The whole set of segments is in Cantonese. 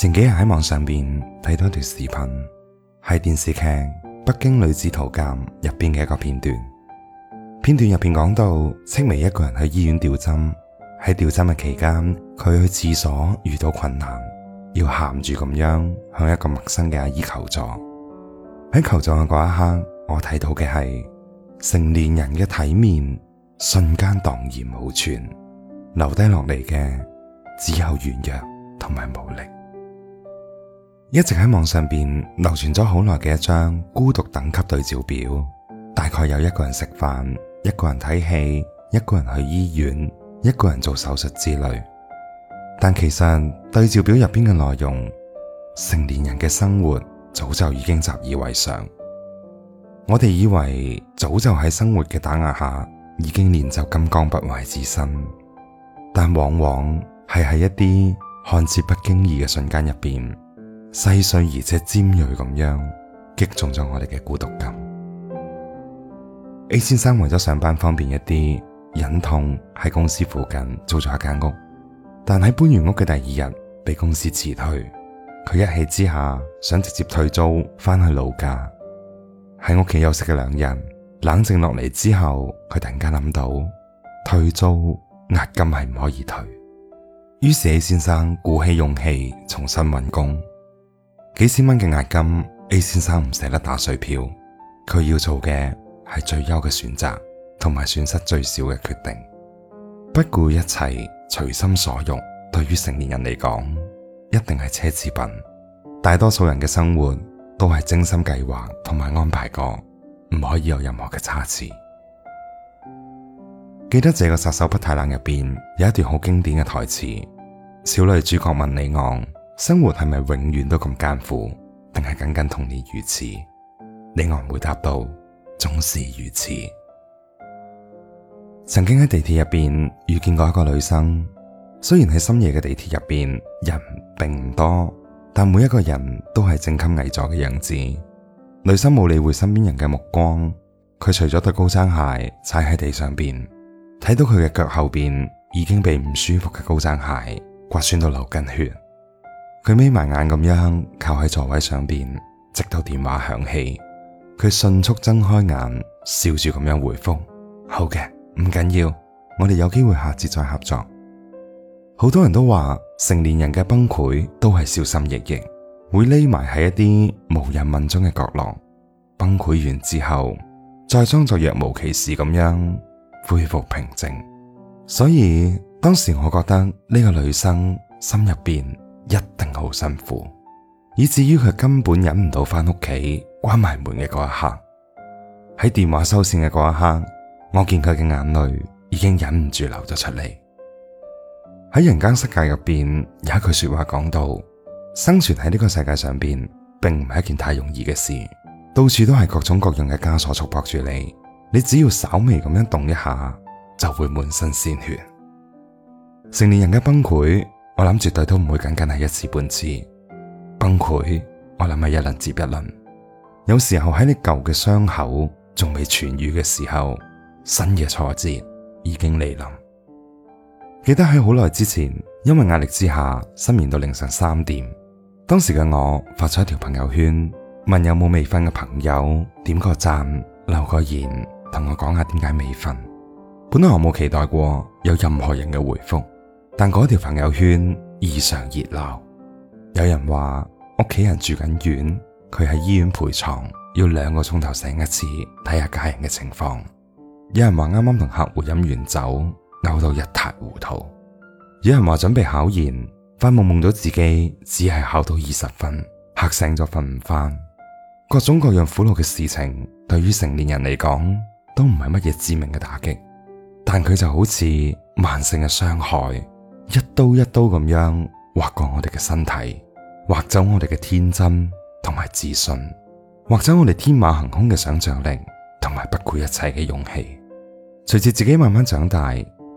前幾日喺網上邊睇到一條視頻，係電視劇《北京女子圖鑒》入邊嘅一個片段。片段入邊講到，青微一個人喺醫院吊針，喺吊針嘅期間，佢去廁所遇到困難，要喊住咁樣向一個陌生嘅阿姨求助。喺求助嘅嗰一刻，我睇到嘅係成年人嘅體面，瞬間蕩然無存，留低落嚟嘅只有軟弱同埋無力。一直喺網上邊流傳咗好耐嘅，一張孤獨等級對照表，大概有一個人食飯，一個人睇戲，一個人去醫院，一個人做手術之類。但其實對照表入邊嘅內容，成年人嘅生活早就已經習以為常。我哋以為早就喺生活嘅打壓下，已經練就金剛不壞之身。但往往係喺一啲看似不經意嘅瞬間入邊。細碎而且尖銳咁樣擊中咗我哋嘅孤獨感。A 先生為咗上班方便一啲，忍痛喺公司附近租咗一間屋。但喺搬完屋嘅第二日，被公司辭退。佢一氣之下，想直接退租翻去老家。喺屋企休息嘅兩人冷靜落嚟之後，佢突然間諗到退租押金係唔可以退。於是 A 先生鼓起勇氣重新揾工。幾千蚊嘅押金，A 先生唔捨得打水漂，佢要做嘅係最優嘅選擇，同埋損失最少嘅決定，不顧一切，隨心所欲。對於成年人嚟講，一定係奢侈品。大多數人嘅生活都係精心計劃同埋安排過，唔可以有任何嘅差池。記得《這個殺手不太冷》入邊有一段好經典嘅台詞，小女主角問里昂。生活係咪永遠都咁艱苦？定係僅僅童年如此？李昂回答道：總是如此。曾經喺地鐵入邊遇見過一個女生，雖然喺深夜嘅地鐵入邊人並唔多，但每一個人都係正襟危坐嘅樣子。女生冇理會身邊人嘅目光，佢除咗對高踭鞋踩喺地上邊，睇到佢嘅腳後邊已經被唔舒服嘅高踭鞋刮損到流緊血。佢眯埋眼咁樣靠喺座位上邊，直到電話響起，佢迅速睜開眼，笑住咁樣回覆：好嘅，唔緊要，我哋有機會下次再合作。好多人都話，成年人嘅崩潰都係小心翼翼，會匿埋喺一啲無人問津嘅角落，崩潰完之後，再裝作若無其事咁樣恢復平靜。所以當時我覺得呢個女生心入邊，一定好辛苦，以至於佢根本忍唔到翻屋企關埋門嘅嗰一刻，喺電話收線嘅嗰一刻，我見佢嘅眼淚已經忍唔住流咗出嚟。喺人間世界入邊有一句說話講到：生存喺呢個世界上邊，並唔係一件太容易嘅事，到處都係各種各樣嘅枷鎖束縛住你，你只要稍微咁樣動一下，就會滿身鮮血。成年人嘅崩潰。我諗絕對都唔會僅僅係一次半次崩潰，我諗係一輪接一輪。有時候喺你舊嘅傷口仲未痊愈嘅時候，新嘅挫折已經嚟臨。記得喺好耐之前，因為壓力之下失眠到凌晨三點，當時嘅我發咗一條朋友圈，問有冇未瞓嘅朋友點個讚、留個言，同我講下點解未瞓。本來我冇期待過有任何人嘅回覆。但嗰條朋友圈異常熱鬧，有人話屋企人住緊院，佢喺醫院陪床，要兩個鐘頭醒一次睇下家人嘅情況；有人話啱啱同客戶飲完酒，嘔到一塌糊塗；有人話準備考研，發夢夢到自己只係考到二十分，嚇醒咗瞓唔翻。各種各樣苦惱嘅事情，對於成年人嚟講都唔係乜嘢致命嘅打擊，但佢就好似慢性嘅傷害。一刀一刀咁樣劃過我哋嘅身體，劃走我哋嘅天真同埋自信，劃走我哋天馬行空嘅想象力同埋不顧一切嘅勇氣。隨住自己慢慢長大，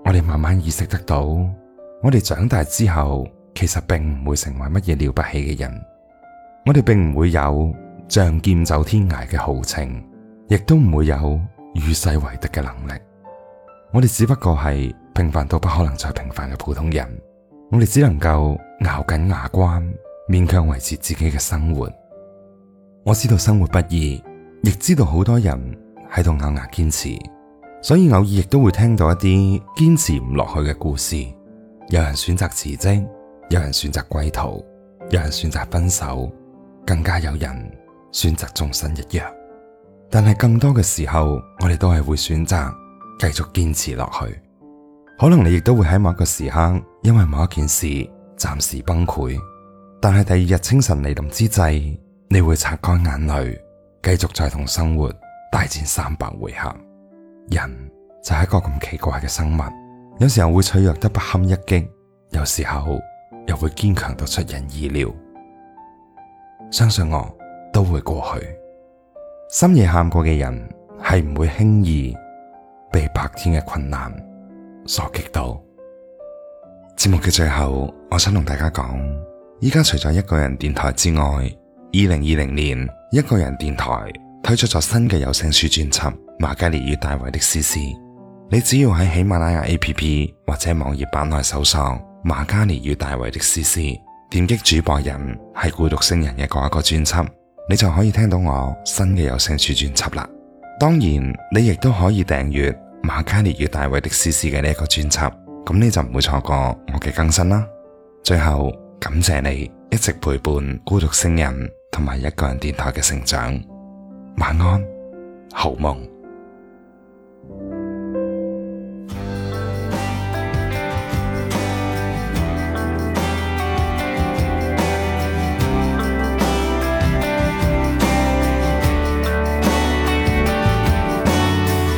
我哋慢慢意識得到，我哋長大之後其實並唔會成為乜嘢了不起嘅人，我哋並唔會有仗劍走天涯嘅豪情，亦都唔會有與世為敵嘅能力，我哋只不過係平凡到不可能再平凡嘅普通人，我哋只能夠咬緊牙關，勉強維持自己嘅生活。我知道生活不易，亦知道好多人喺度咬牙堅持，所以偶爾亦都會聽到一啲堅持唔落去嘅故事。有人選擇辭職，有人選擇歸途，有人選擇分手，更加有人選擇縱身一躍。但係更多嘅時候，我哋都係會選擇繼續堅持落去。可能你亦都會喺某一個時刻，因為某一件事暫時崩潰，但係第二日清晨來臨之際，你會擦乾眼淚，繼續再同生活大戰三百回合。人就係一個咁奇怪嘅生物，有時候會脆弱得不堪一擊，有時候又會堅強到出人意料。相信我，都會過去。深夜喊過嘅人，係唔會輕易被白天嘅困難。索極到節目嘅最後，我想同大家講，依家除咗一個人電台之外，二零二零年一個人電台推出咗新嘅有聲書專輯《瑪嘉烈與大衛的絲絲》，你只要喺喜馬拉雅 APP 或者網頁版內搜索《瑪嘉烈與大衛的絲絲》，點擊主播人係孤獨星人嘅嗰一個專輯，你就可以聽到我新嘅有聲書專輯啦。當然，你亦都可以訂閱。瑪嘉烈與大衛的絲絲嘅呢一個專輯，咁你就唔會錯過我嘅更新啦。最後感謝你一直陪伴孤獨星人同埋一個人電台嘅成長。晚安，好夢。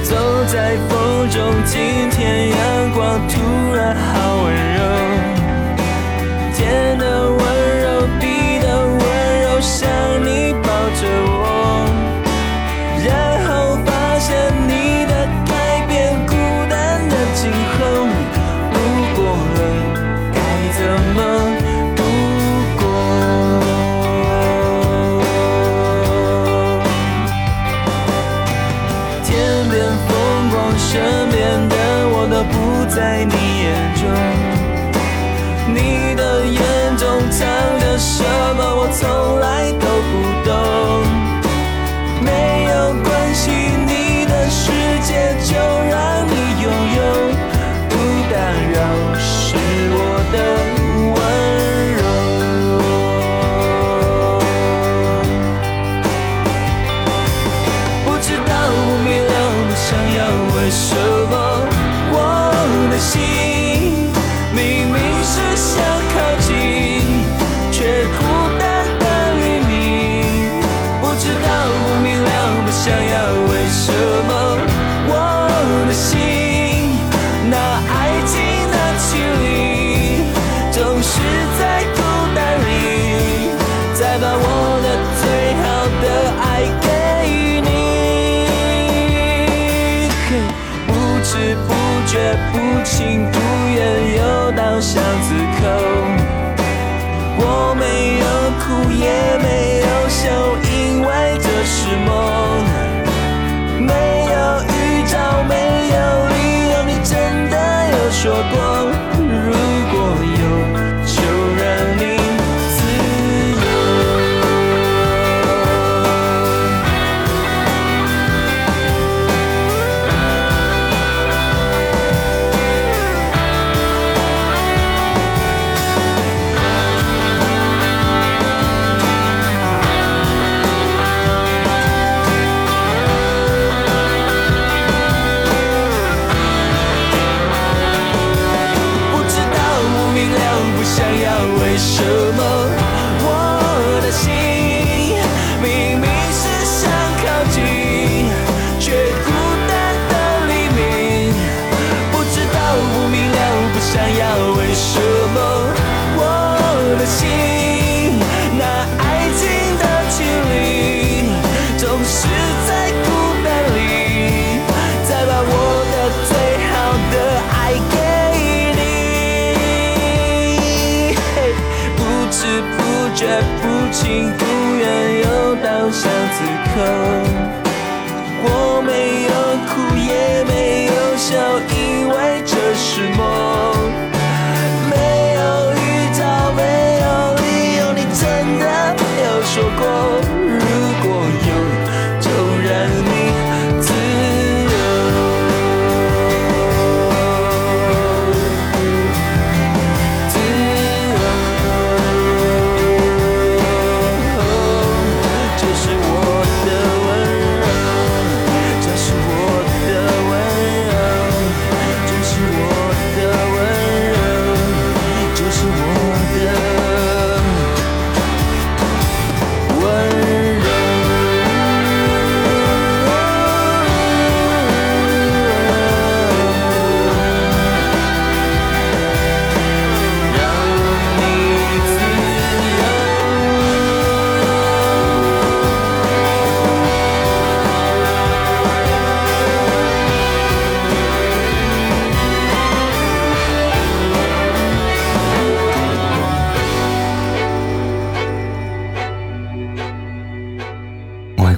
走在。今天陽光突然好。什麼我的心？ 說過。卻不情不願又到巷子口，我沒。